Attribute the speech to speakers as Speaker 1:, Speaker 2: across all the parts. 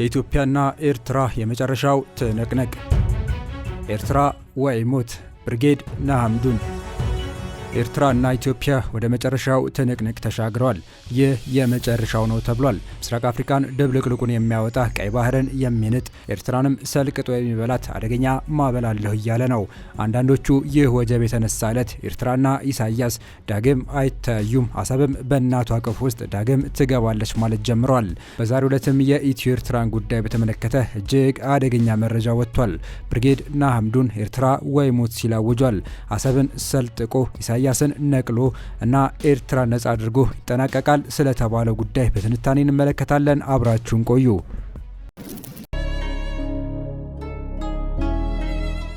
Speaker 1: የኢትዮጵያና ኤርትራ የመጨረሻው ትንቅንቅ። ኤርትራ ወይ ሞት ብርጌድ ናሃምዱን። ኤርትራና ኢትዮጵያ ወደ መጨረሻው ትንቅንቅ ተሻግረዋል። ይህ የመጨረሻው ነው ተብሏል። ምስራቅ አፍሪካን ድብልቅልቁን የሚያወጣ ቀይ ባህርን የሚንጥ ኤርትራንም ሰልቅጦ የሚበላት አደገኛ ማበላለሁ እያለ ነው። አንዳንዶቹ ይህ ወጀብ የተነሳ ዕለት ኤርትራና ኢሳያስ ዳግም አይተያዩም፣ አሰብም በእናቱ አቅፍ ውስጥ ዳግም ትገባለች ማለት ጀምረዋል። በዛሬው ዕለትም የኢትዮ ኤርትራን ጉዳይ በተመለከተ እጅግ አደገኛ መረጃ ወጥቷል። ብርጌድ ናሐምዱን ኤርትራ ወይ ሞት ሲል አውጇል። አሰብን ሰልጥቆ ኢሳያስን ነቅሎ እና ኤርትራ ነጻ አድርጎ ይጠናቀቃል ስለተባለው ጉዳይ በትንታኔ እንመለከታለን። አብራችሁን ቆዩ።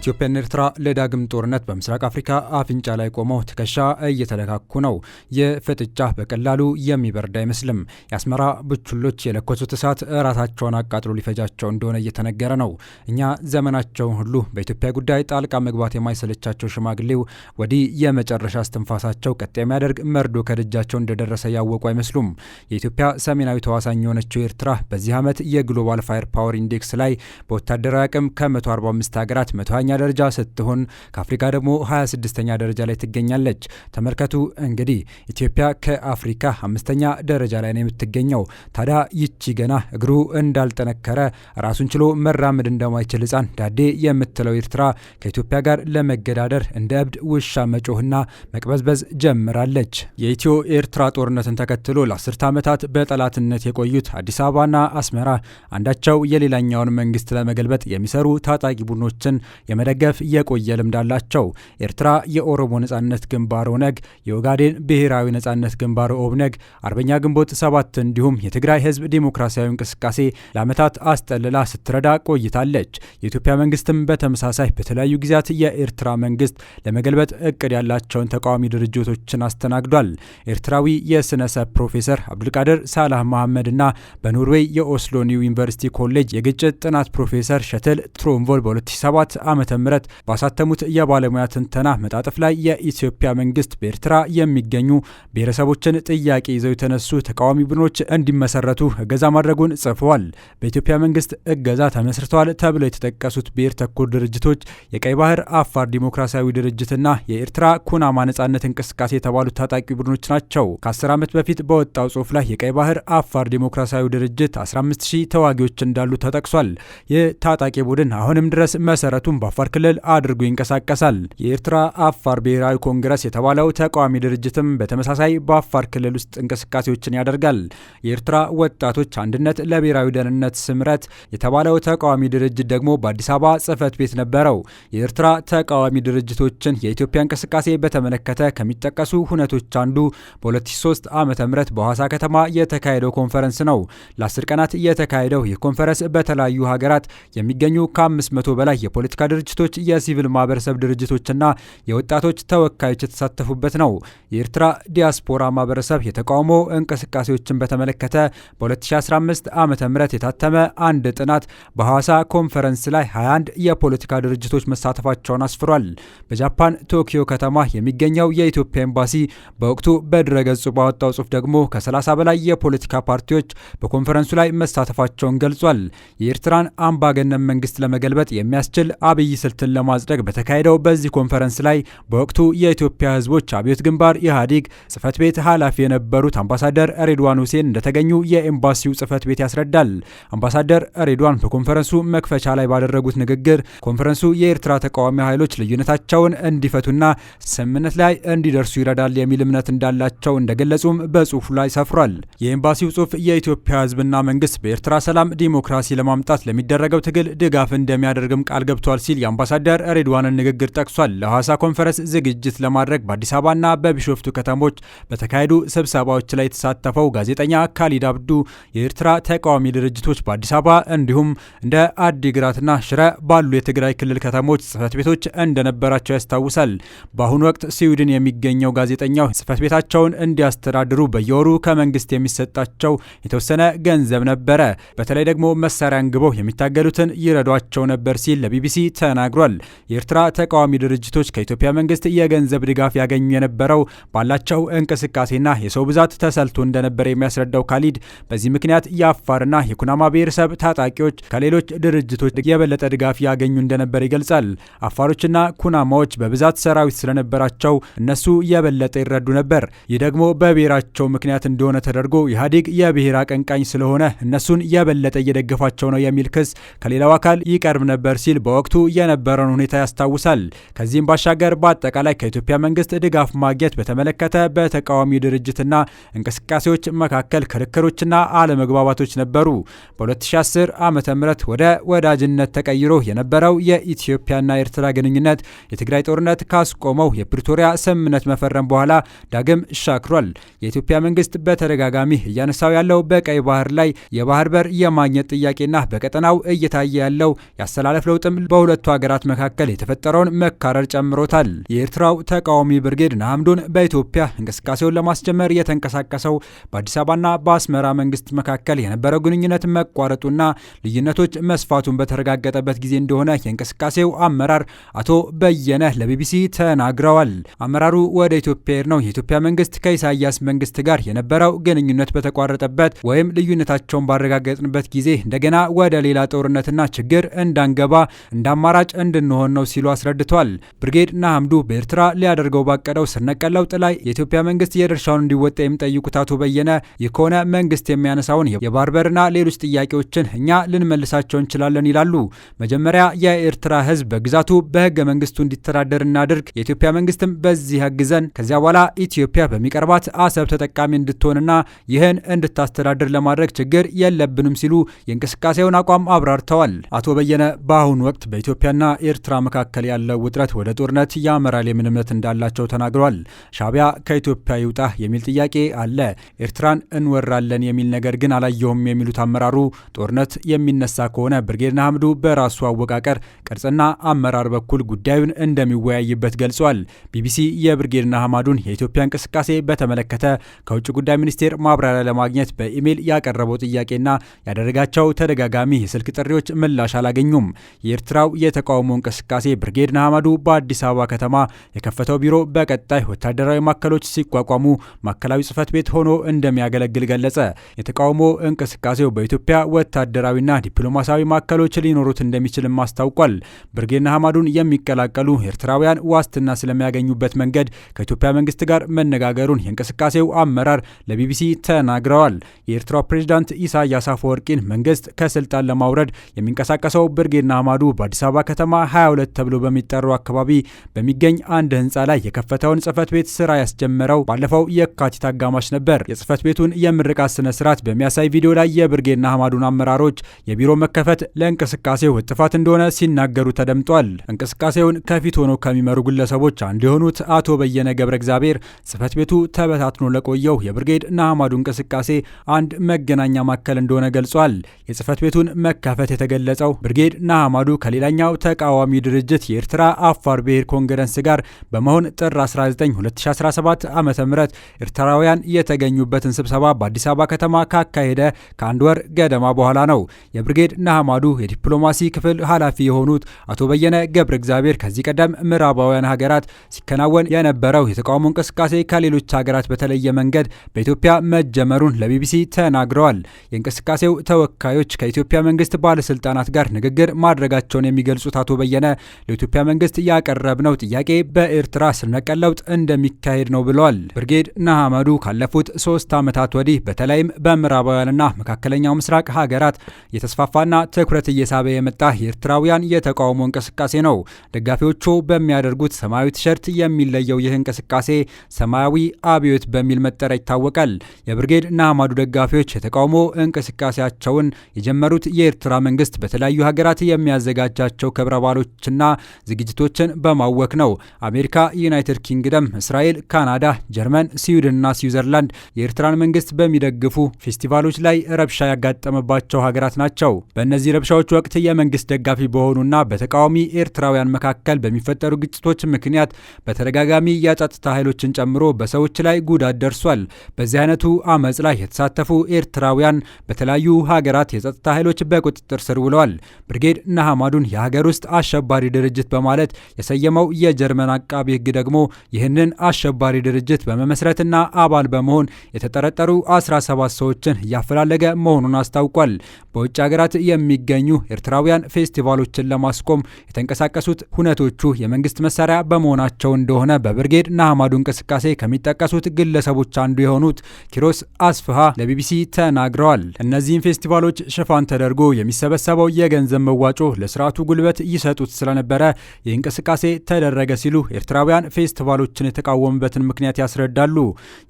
Speaker 1: ኢትዮጵያና ኤርትራ ለዳግም ጦርነት በምስራቅ አፍሪካ አፍንጫ ላይ ቆመው ትከሻ እየተለካኩ ነው። የፍጥጫ ፍጥጫ በቀላሉ የሚበርድ አይመስልም። የአስመራ ብቹሎች የለኮሱት እሳት ራሳቸውን አቃጥሎ ሊፈጃቸው እንደሆነ እየተነገረ ነው። እኛ ዘመናቸውን ሁሉ በኢትዮጵያ ጉዳይ ጣልቃ መግባት የማይሰለቻቸው ሽማግሌው ወዲህ የመጨረሻ እስትንፋሳቸው ቀጥ የሚያደርግ መርዶ ከደጃቸው እንደደረሰ ያወቁ አይመስሉም። የኢትዮጵያ ሰሜናዊ ተዋሳኝ የሆነችው ኤርትራ በዚህ ዓመት የግሎባል ፋየር ፓወር ኢንዴክስ ላይ በወታደራዊ አቅም ከ145 ሀገራት መቶኛ ደረጃ ስትሆን ከአፍሪካ ደግሞ 26ኛ ደረጃ ላይ ትገኛለች። ተመልከቱ እንግዲህ ኢትዮጵያ ከአፍሪካ አምስተኛ ደረጃ ላይ ነው የምትገኘው። ታዲያ ይቺ ገና እግሩ እንዳልጠነከረ ራሱን ችሎ መራመድ እንደማይችል ህፃን ዳዴ የምትለው ኤርትራ ከኢትዮጵያ ጋር ለመገዳደር እንደ እብድ ውሻ መጮህና መቅበዝበዝ ጀምራለች። የኢትዮ ኤርትራ ጦርነትን ተከትሎ ለአስርተ ዓመታት በጠላትነት የቆዩት አዲስ አበባና አስመራ አንዳቸው የሌላኛውን መንግስት ለመገልበጥ የሚሰሩ ታጣቂ ቡድኖችን የመደገፍ የቆየ ልምድ አላቸው። ኤርትራ የኦሮሞ ነጻነት ግንባር ኦነግ፣ የኦጋዴን ብሔራዊ ነጻነት ግንባር ኦብነግ፣ አርበኛ ግንቦት ሰባት እንዲሁም የትግራይ ህዝብ ዲሞክራሲያዊ እንቅስቃሴ ለዓመታት አስጠልላ ስትረዳ ቆይታለች። የኢትዮጵያ መንግስትም በተመሳሳይ በተለያዩ ጊዜያት የኤርትራ መንግስት ለመገልበጥ እቅድ ያላቸውን ተቃዋሚ ድርጅቶችን አስተናግዷል። ኤርትራዊ የስነሰብ ፕሮፌሰር አብዱልቃድር ሳላህ መሐመድ እና በኖርዌይ የኦስሎኒ ዩኒቨርሲቲ ኮሌጅ የግጭት ጥናት ፕሮፌሰር ሸትል ትሮንቮል በ2007 ዓ.ም ም ባሳተሙት የባለሙያ ትንተና መጣጥፍ ላይ የኢትዮጵያ መንግስት በኤርትራ የሚገኙ ብሔረሰቦችን ጥያቄ ይዘው የተነሱ ተቃዋሚ ቡድኖች እንዲመሰረቱ እገዛ ማድረጉን ጽፈዋል። በኢትዮጵያ መንግስት እገዛ ተመስርተዋል ተብለው የተጠቀሱት ብሔር ተኮር ድርጅቶች የቀይ ባህር አፋር ዲሞክራሲያዊ ድርጅትና የኤርትራ ኩናማ ነጻነት እንቅስቃሴ የተባሉ ታጣቂ ቡድኖች ናቸው። ከ10 ዓመት በፊት በወጣው ጽሁፍ ላይ የቀይ ባህር አፋር ዲሞክራሲያዊ ድርጅት 15ሺህ ተዋጊዎች እንዳሉ ተጠቅሷል። ይህ ታጣቂ ቡድን አሁንም ድረስ መሰረቱን በአፋር በአፋር ክልል አድርጎ ይንቀሳቀሳል። የኤርትራ አፋር ብሔራዊ ኮንግረስ የተባለው ተቃዋሚ ድርጅትም በተመሳሳይ በአፋር ክልል ውስጥ እንቅስቃሴዎችን ያደርጋል። የኤርትራ ወጣቶች አንድነት ለብሔራዊ ደህንነት ስምረት የተባለው ተቃዋሚ ድርጅት ደግሞ በአዲስ አበባ ጽህፈት ቤት ነበረው። የኤርትራ ተቃዋሚ ድርጅቶችን የኢትዮጵያ እንቅስቃሴ በተመለከተ ከሚጠቀሱ ሁነቶች አንዱ በ2003 ዓ ም በሐዋሳ ከተማ የተካሄደው ኮንፈረንስ ነው። ለ10 ቀናት የተካሄደው ይህ ኮንፈረንስ በተለያዩ ሀገራት የሚገኙ ከ500 በላይ የፖለቲካ ድርጅት ድርጅቶች፣ የሲቪል ማህበረሰብ ድርጅቶችና የወጣቶች ተወካዮች የተሳተፉበት ነው። የኤርትራ ዲያስፖራ ማህበረሰብ የተቃውሞ እንቅስቃሴዎችን በተመለከተ በ2015 ዓ ም የታተመ አንድ ጥናት በሐዋሳ ኮንፈረንስ ላይ 21 የፖለቲካ ድርጅቶች መሳተፋቸውን አስፍሯል። በጃፓን ቶኪዮ ከተማ የሚገኘው የኢትዮጵያ ኤምባሲ በወቅቱ በድረገጹ ባወጣው ጽሑፍ ደግሞ ከ30 በላይ የፖለቲካ ፓርቲዎች በኮንፈረንሱ ላይ መሳተፋቸውን ገልጿል። የኤርትራን አምባገነን መንግስት ለመገልበጥ የሚያስችል አብይ ስልትን ለማጽደቅ በተካሄደው በዚህ ኮንፈረንስ ላይ በወቅቱ የኢትዮጵያ ህዝቦች አብዮት ግንባር ኢህአዴግ ጽህፈት ቤት ኃላፊ የነበሩት አምባሳደር ሬድዋን ሁሴን እንደተገኙ የኤምባሲው ጽህፈት ቤት ያስረዳል። አምባሳደር ሬድዋን በኮንፈረንሱ መክፈቻ ላይ ባደረጉት ንግግር ኮንፈረንሱ የኤርትራ ተቃዋሚ ኃይሎች ልዩነታቸውን እንዲፈቱና ስምምነት ላይ እንዲደርሱ ይረዳል የሚል እምነት እንዳላቸው እንደገለጹም በጽሁፉ ላይ ሰፍሯል። የኤምባሲው ጽሁፍ የኢትዮጵያ ህዝብና መንግስት በኤርትራ ሰላም፣ ዲሞክራሲ ለማምጣት ለሚደረገው ትግል ድጋፍ እንደሚያደርግም ቃል ገብቷል ሲል የአምባሳደር ሬድዋንን ንግግር ጠቅሷል። ለሐዋሳ ኮንፈረንስ ዝግጅት ለማድረግ በአዲስ አበባና በቢሾፍቱ ከተሞች በተካሄዱ ስብሰባዎች ላይ የተሳተፈው ጋዜጠኛ ካሊድ አብዱ የኤርትራ ተቃዋሚ ድርጅቶች በአዲስ አበባ እንዲሁም እንደ አዲግራትና ሽረ ባሉ የትግራይ ክልል ከተሞች ጽህፈት ቤቶች እንደነበራቸው ያስታውሳል። በአሁኑ ወቅት ስዊድን የሚገኘው ጋዜጠኛው ጽህፈት ቤታቸውን እንዲያስተዳድሩ በየወሩ ከመንግስት የሚሰጣቸው የተወሰነ ገንዘብ ነበረ። በተለይ ደግሞ መሳሪያ አንግበው የሚታገሉትን ይረዷቸው ነበር ሲል ለቢቢሲ ተ ተናግሯል። የኤርትራ ተቃዋሚ ድርጅቶች ከኢትዮጵያ መንግስት የገንዘብ ድጋፍ ያገኙ የነበረው ባላቸው እንቅስቃሴና የሰው ብዛት ተሰልቶ እንደነበረ የሚያስረዳው ካሊድ በዚህ ምክንያት የአፋርና የኩናማ ብሔረሰብ ታጣቂዎች ከሌሎች ድርጅቶች የበለጠ ድጋፍ ያገኙ እንደነበር ይገልጻል። አፋሮችና ኩናማዎች በብዛት ሰራዊት ስለነበራቸው እነሱ የበለጠ ይረዱ ነበር። ይህ ደግሞ በብሔራቸው ምክንያት እንደሆነ ተደርጎ ኢህአዴግ የብሔር አቀንቃኝ ስለሆነ እነሱን የበለጠ እየደገፋቸው ነው የሚል ክስ ከሌላው አካል ይቀርብ ነበር ሲል በወቅቱ የነበረውን ሁኔታ ያስታውሳል። ከዚህም ባሻገር በአጠቃላይ ከኢትዮጵያ መንግስት ድጋፍ ማግኘት በተመለከተ በተቃዋሚ ድርጅትና እንቅስቃሴዎች መካከል ክርክሮችና አለመግባባቶች ነበሩ። በ2010 ዓ ም ወደ ወዳጅነት ተቀይሮ የነበረው የኢትዮጵያና ኤርትራ ግንኙነት የትግራይ ጦርነት ካስቆመው የፕሪቶሪያ ስምምነት መፈረም በኋላ ዳግም ሻክሯል። የኢትዮጵያ መንግስት በተደጋጋሚ እያነሳው ያለው በቀይ ባህር ላይ የባህር በር የማግኘት ጥያቄና በቀጠናው እየታየ ያለው የአሰላለፍ ለውጥም በሁለቱ ሀገራት መካከል የተፈጠረውን መካረር ጨምሮታል። የኤርትራው ተቃዋሚ ብርጌድ ንሓመዱን በኢትዮጵያ እንቅስቃሴውን ለማስጀመር የተንቀሳቀሰው በአዲስ አበባና በአስመራ መንግስት መካከል የነበረው ግንኙነት መቋረጡና ልዩነቶች መስፋቱን በተረጋገጠበት ጊዜ እንደሆነ የእንቅስቃሴው አመራር አቶ በየነ ለቢቢሲ ተናግረዋል። አመራሩ ወደ ኢትዮጵያ ሄድ ነው የኢትዮጵያ መንግስት ከኢሳያስ መንግስት ጋር የነበረው ግንኙነት በተቋረጠበት ወይም ልዩነታቸውን ባረጋገጥንበት ጊዜ እንደገና ወደ ሌላ ጦርነትና ችግር እንዳንገባ እንዳማራ ተመራጭ እንድንሆን ነው ሲሉ አስረድቷል። ብርጌድ ንሓመዱ በኤርትራ ሊያደርገው ባቀደው ስነቀ ለውጥ ላይ የኢትዮጵያ መንግስት የድርሻውን እንዲወጣ የሚጠይቁት አቶ በየነ ይህ ከሆነ መንግስት የሚያነሳውን የባርበርና ሌሎች ጥያቄዎችን እኛ ልንመልሳቸው እንችላለን ይላሉ። መጀመሪያ የኤርትራ ህዝብ በግዛቱ በህገ መንግስቱ እንዲተዳደር እናድርግ፣ የኢትዮጵያ መንግስትም በዚህ አግዘን ከዚያ በኋላ ኢትዮጵያ በሚቀርባት አሰብ ተጠቃሚ እንድትሆንና ይህን እንድታስተዳድር ለማድረግ ችግር የለብንም ሲሉ የእንቅስቃሴውን አቋም አብራርተዋል። አቶ በየነ በአሁኑ ወቅት በኢትዮጵያ በኢትዮጵያና ኤርትራ መካከል ያለው ውጥረት ወደ ጦርነት ያመራል የሚል እምነት እንዳላቸው ተናግረዋል። ሻቢያ ከኢትዮጵያ ይውጣ የሚል ጥያቄ አለ፣ ኤርትራን እንወራለን የሚል ነገር ግን አላየሁም የሚሉት አመራሩ ጦርነት የሚነሳ ከሆነ ብርጌድና ሀምዱ በራሱ አወቃቀር ቅርጽና አመራር በኩል ጉዳዩን እንደሚወያይበት ገልጿል። ቢቢሲ የብርጌድና ሀማዱን የኢትዮጵያ እንቅስቃሴ በተመለከተ ከውጭ ጉዳይ ሚኒስቴር ማብራሪያ ለማግኘት በኢሜይል ያቀረበው ጥያቄና ያደረጋቸው ተደጋጋሚ የስልክ ጥሪዎች ምላሽ አላገኙም። የኤርትራው የተ የተቃውሞ እንቅስቃሴ ብርጌድ ንሓመዱ በአዲስ አበባ ከተማ የከፈተው ቢሮ በቀጣይ ወታደራዊ ማዕከሎች ሲቋቋሙ ማዕከላዊ ጽህፈት ቤት ሆኖ እንደሚያገለግል ገለጸ። የተቃውሞ እንቅስቃሴው በኢትዮጵያ ወታደራዊና ዲፕሎማሲያዊ ማዕከሎች ሊኖሩት እንደሚችልም አስታውቋል። ብርጌድ ንሓመዱን የሚቀላቀሉ ኤርትራውያን ዋስትና ስለሚያገኙበት መንገድ ከኢትዮጵያ መንግስት ጋር መነጋገሩን የእንቅስቃሴው አመራር ለቢቢሲ ተናግረዋል። የኤርትራ ፕሬዚዳንት ኢሳያስ አፈወርቂን መንግስት ከስልጣን ለማውረድ የሚንቀሳቀሰው ብርጌድ ንሓመዱ በአዲስ አበባ ከተማ 22 ተብሎ በሚጠራው አካባቢ በሚገኝ አንድ ህንፃ ላይ የከፈተውን ጽህፈት ቤት ስራ ያስጀመረው ባለፈው የካቲት አጋማሽ ነበር። የጽህፈት ቤቱን የምርቃት ስነ ስርዓት በሚያሳይ ቪዲዮ ላይ የብርጌና ሀማዱን አመራሮች የቢሮ መከፈት ለእንቅስቃሴው እጥፋት እንደሆነ ሲናገሩ ተደምጧል። እንቅስቃሴውን ከፊት ሆኖ ከሚመሩ ግለሰቦች አንዱ የሆኑት አቶ በየነ ገብረ እግዚአብሔር ጽህፈት ቤቱ ተበታትኖ ለቆየው የብርጌድ ናሃማዱ እንቅስቃሴ አንድ መገናኛ ማዕከል እንደሆነ ገልጿል። የጽህፈት ቤቱን መከፈት የተገለጸው ብርጌድ ናሃማዱ ከሌላኛው ተቃዋሚ ድርጅት የኤርትራ አፋር ብሔር ኮንግረንስ ጋር በመሆን ጥር 19 2017 ዓ ም ኤርትራውያን የተገኙበትን ስብሰባ በአዲስ አበባ ከተማ ካካሄደ ከአንድ ወር ገደማ በኋላ ነው። የብርጌድ ናሃማዱ የዲፕሎማሲ ክፍል ኃላፊ የሆኑት አቶ በየነ ገብረ እግዚአብሔር ከዚህ ቀደም ምዕራባውያን ሀገራት ሲከናወን የነበረው የተቃውሞ እንቅስቃሴ ከሌሎች ሀገራት በተለየ መንገድ በኢትዮጵያ መጀመሩን ለቢቢሲ ተናግረዋል። የእንቅስቃሴው ተወካዮች ከኢትዮጵያ መንግስት ባለስልጣናት ጋር ንግግር ማድረጋቸውን የሚገልጹ የሚገልጹት አቶ በየነ ለኢትዮጵያ መንግስት ነው። ጥያቄ በኤርትራ ስርነቀል ለውጥ እንደሚካሄድ ነው ብለዋል። ብርጌድ ናሃመዱ ካለፉት ሶስት ዓመታት ወዲህ በተለይም በምዕራባውያንና መካከለኛው ምስራቅ ሀገራት የተስፋፋና ትኩረት እየሳበ የመጣ የኤርትራውያን የተቃውሞ እንቅስቃሴ ነው። ደጋፊዎቹ በሚያደርጉት ሰማያዊ ቲሸርት የሚለየው ይህ እንቅስቃሴ ሰማያዊ አብዮት በሚል መጠሪያ ይታወቃል። የብርጌድ ናሃመዱ ደጋፊዎች የተቃውሞ እንቅስቃሴያቸውን የጀመሩት የኤርትራ መንግስት በተለያዩ ሀገራት የሚያዘጋጃቸው ክብረ በዓሎችና ዝግጅቶችን በማወክ ነው። አሜሪካ፣ ዩናይትድ ኪንግደም፣ እስራኤል፣ ካናዳ፣ ጀርመን፣ ስዊድንና ስዊዘርላንድ የኤርትራን መንግስት በሚደግፉ ፌስቲቫሎች ላይ ረብሻ ያጋጠመባቸው ሀገራት ናቸው። በእነዚህ ረብሻዎች ወቅት የመንግስት ደጋፊ በሆኑና በተቃዋሚ ኤርትራውያን መካከል በሚፈጠሩ ግጭቶች ምክንያት በተደጋጋሚ የጸጥታ ኃይሎችን ጨምሮ በሰዎች ላይ ጉዳት ደርሷል። በዚህ አይነቱ አመፅ ላይ የተሳተፉ ኤርትራውያን በተለያዩ ሀገራት የጸጥታ ኃይሎች በቁጥጥር ስር ውለዋል። ብርጌድ ናሃማዱን የሀገር ሀገር ውስጥ አሸባሪ ድርጅት በማለት የሰየመው የጀርመን አቃቢ ሕግ ደግሞ ይህንን አሸባሪ ድርጅት በመመስረትና አባል በመሆን የተጠረጠሩ 17 ሰዎችን እያፈላለገ መሆኑን አስታውቋል። በውጭ ሀገራት የሚገኙ ኤርትራውያን ፌስቲቫሎችን ለማስቆም የተንቀሳቀሱት ሁነቶቹ የመንግስት መሳሪያ በመሆናቸው እንደሆነ በብርጌድ ናሃማዱ እንቅስቃሴ ከሚጠቀሱት ግለሰቦች አንዱ የሆኑት ኪሮስ አስፍሃ ለቢቢሲ ተናግረዋል። እነዚህም ፌስቲቫሎች ሽፋን ተደርጎ የሚሰበሰበው የገንዘብ መዋጮ ለስርዓቱ ጉልበት ጉልበት ይሰጡት ስለነበረ ይህ እንቅስቃሴ ተደረገ ሲሉ ኤርትራውያን ፌስቲቫሎችን የተቃወሙበትን ምክንያት ያስረዳሉ።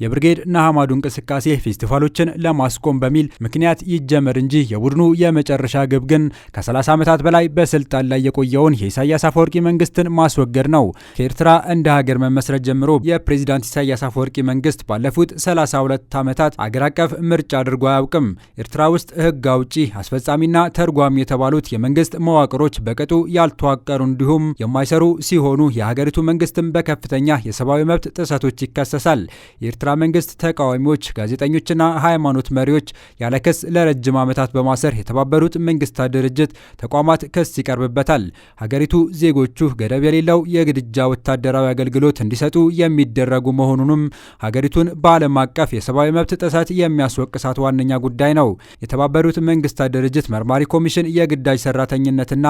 Speaker 1: የብርጌድ ናሃማዱ እንቅስቃሴ ፌስቲቫሎችን ለማስቆም በሚል ምክንያት ይጀመር እንጂ የቡድኑ የመጨረሻ ግብ ግን ከ30 ዓመታት በላይ በስልጣን ላይ የቆየውን የኢሳያስ አፈወርቂ መንግስትን ማስወገድ ነው። ከኤርትራ እንደ ሀገር መመስረት ጀምሮ የፕሬዚዳንት ኢሳያስ አፈወርቂ መንግስት ባለፉት 32 ዓመታት አገር አቀፍ ምርጫ አድርጎ አያውቅም። ኤርትራ ውስጥ ህግ አውጪ፣ አስፈጻሚና ተርጓሚ የተባሉት የመንግስት መዋቅሮች በቅጡ ያልተረጋገጡ ያልተዋቀሩ እንዲሁም የማይሰሩ ሲሆኑ የሀገሪቱ መንግስትም በከፍተኛ የሰብአዊ መብት ጥሰቶች ይከሰሳል። የኤርትራ መንግስት ተቃዋሚዎች፣ ጋዜጠኞችና ሃይማኖት መሪዎች ያለ ክስ ለረጅም ዓመታት በማሰር የተባበሩት መንግስታት ድርጅት ተቋማት ክስ ይቀርብበታል። ሀገሪቱ ዜጎቹ ገደብ የሌለው የግድጃ ወታደራዊ አገልግሎት እንዲሰጡ የሚደረጉ መሆኑንም ሀገሪቱን በዓለም አቀፍ የሰብአዊ መብት ጥሰት የሚያስወቅሳት ዋነኛ ጉዳይ ነው። የተባበሩት መንግስታት ድርጅት መርማሪ ኮሚሽን የግዳጅ ሰራተኝነትና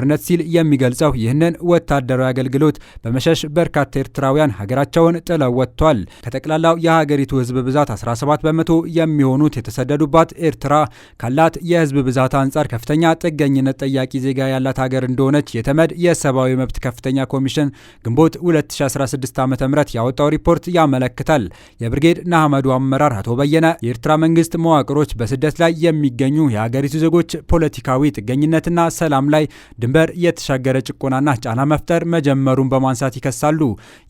Speaker 1: ባርነት ሲል የሚገልጸው ይህንን ወታደራዊ አገልግሎት በመሸሽ በርካታ ኤርትራውያን ሀገራቸውን ጥለው ወጥቷል። ከጠቅላላው የሀገሪቱ ሕዝብ ብዛት 17 በመቶ የሚሆኑት የተሰደዱባት ኤርትራ ካላት የሕዝብ ብዛት አንጻር ከፍተኛ ጥገኝነት ጠያቂ ዜጋ ያላት ሀገር እንደሆነች የተመድ የሰብአዊ መብት ከፍተኛ ኮሚሽን ግንቦት 2016 ዓ ም ያወጣው ሪፖርት ያመለክታል። የብርጌድ ንሓመዱ አመራር አቶ በየነ የኤርትራ መንግስት መዋቅሮች በስደት ላይ የሚገኙ የሀገሪቱ ዜጎች ፖለቲካዊ ጥገኝነትና ሰላም ላይ ድንበር የተሻገረ ጭቆናና ጫና መፍጠር መጀመሩን በማንሳት ይከሳሉ።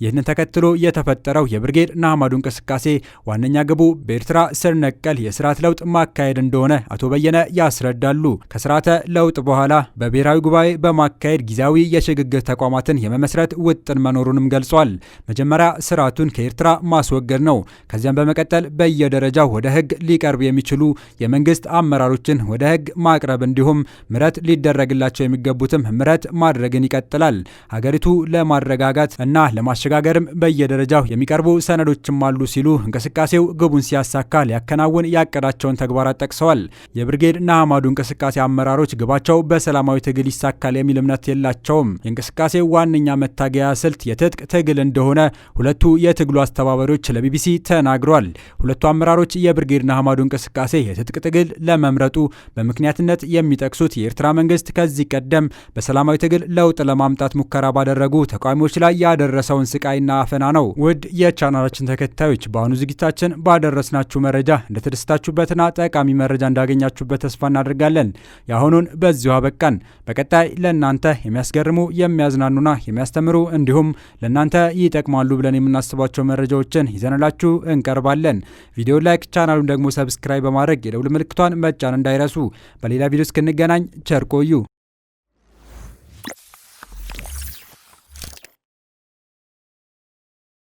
Speaker 1: ይህንን ተከትሎ የተፈጠረው የብርጌድ ንሓመዱ እንቅስቃሴ ዋነኛ ግቡ በኤርትራ ስር ነቀል የስርዓት ለውጥ ማካሄድ እንደሆነ አቶ በየነ ያስረዳሉ። ከስርዓተ ለውጥ በኋላ በብሔራዊ ጉባኤ በማካሄድ ጊዜያዊ የሽግግር ተቋማትን የመመስረት ውጥን መኖሩንም ገልጿል። መጀመሪያ ስርዓቱን ከኤርትራ ማስወገድ ነው። ከዚያም በመቀጠል በየደረጃው ወደ ሕግ ሊቀርብ የሚችሉ የመንግስት አመራሮችን ወደ ህግ ማቅረብ እንዲሁም ምረት ሊደረግላቸው የሚገቡ የሚችሉትም ምረት ማድረግን ይቀጥላል። ሀገሪቱ ለማረጋጋት እና ለማሸጋገርም በየደረጃው የሚቀርቡ ሰነዶችም አሉ ሲሉ እንቅስቃሴው ግቡን ሲያሳካ ሊያከናውን ያቀዳቸውን ተግባራት ጠቅሰዋል። የብርጌድ ንሓመዱ እንቅስቃሴ አመራሮች ግባቸው በሰላማዊ ትግል ይሳካል የሚል እምነት የላቸውም። የእንቅስቃሴው ዋነኛ መታገያ ስልት የትጥቅ ትግል እንደሆነ ሁለቱ የትግሉ አስተባባሪዎች ለቢቢሲ ተናግሯል። ሁለቱ አመራሮች የብርጌድ ንሓመዱ እንቅስቃሴ የትጥቅ ትግል ለመምረጡ በምክንያትነት የሚጠቅሱት የኤርትራ መንግስት ከዚህ ቀደም በሰላማዊ ትግል ለውጥ ለማምጣት ሙከራ ባደረጉ ተቃዋሚዎች ላይ ያደረሰውን ስቃይና አፈና ነው። ውድ የቻናላችን ተከታዮች በአሁኑ ዝግጅታችን ባደረስናችሁ መረጃ እንደተደስታችሁበትና ጠቃሚ መረጃ እንዳገኛችሁበት ተስፋ እናደርጋለን። የአሁኑን በዚሁ አበቃን። በቀጣይ ለእናንተ የሚያስገርሙ የሚያዝናኑና የሚያስተምሩ እንዲሁም ለእናንተ ይጠቅማሉ ብለን የምናስባቸው መረጃዎችን ይዘንላችሁ እንቀርባለን። ቪዲዮ ላይክ፣ ቻናሉን ደግሞ ሰብስክራይብ በማድረግ የደውል ምልክቷን መጫን እንዳይረሱ። በሌላ ቪዲዮ እስክንገናኝ ቸር ቆዩ።